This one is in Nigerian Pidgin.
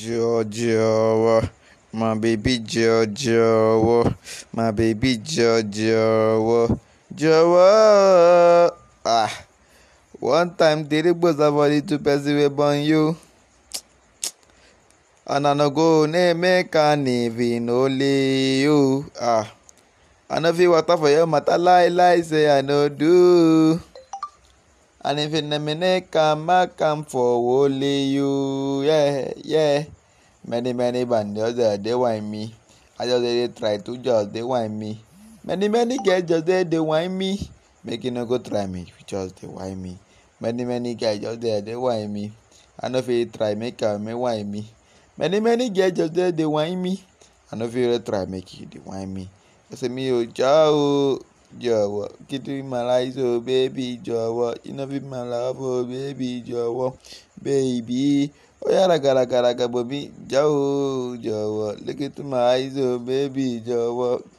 Jọ̀jọ̀wọ́, my baby jọ̀jọ̀wọ́, my baby jọ̀jọ̀wọ́, jọ̀wọ́. Ah, one time Dele Gboza for the two person wey born you. And I no go ne make Emeka even only you. Ah, I no fit water for your matter lie lie say I no do and if na mene kam come for wole you yeah yeah many many band the they whine me i just dey try to just they whine me many many girls just dey they whine me make you no go try me you just they whine me many many guys just dey they whine me i know if you try make am me whine me many many girls just dey they whine me i know if you try make you they whine me you say me o oh, jaa oh. jọ̀wọ́ keep my life oh baby jọ̀wọ́ iná be my love oh baby jọ̀wọ́ baby ó yá ràgàràgàràgà bòmí jáwó jọ̀wọ́ look into my eyes oh baby jọ̀wọ́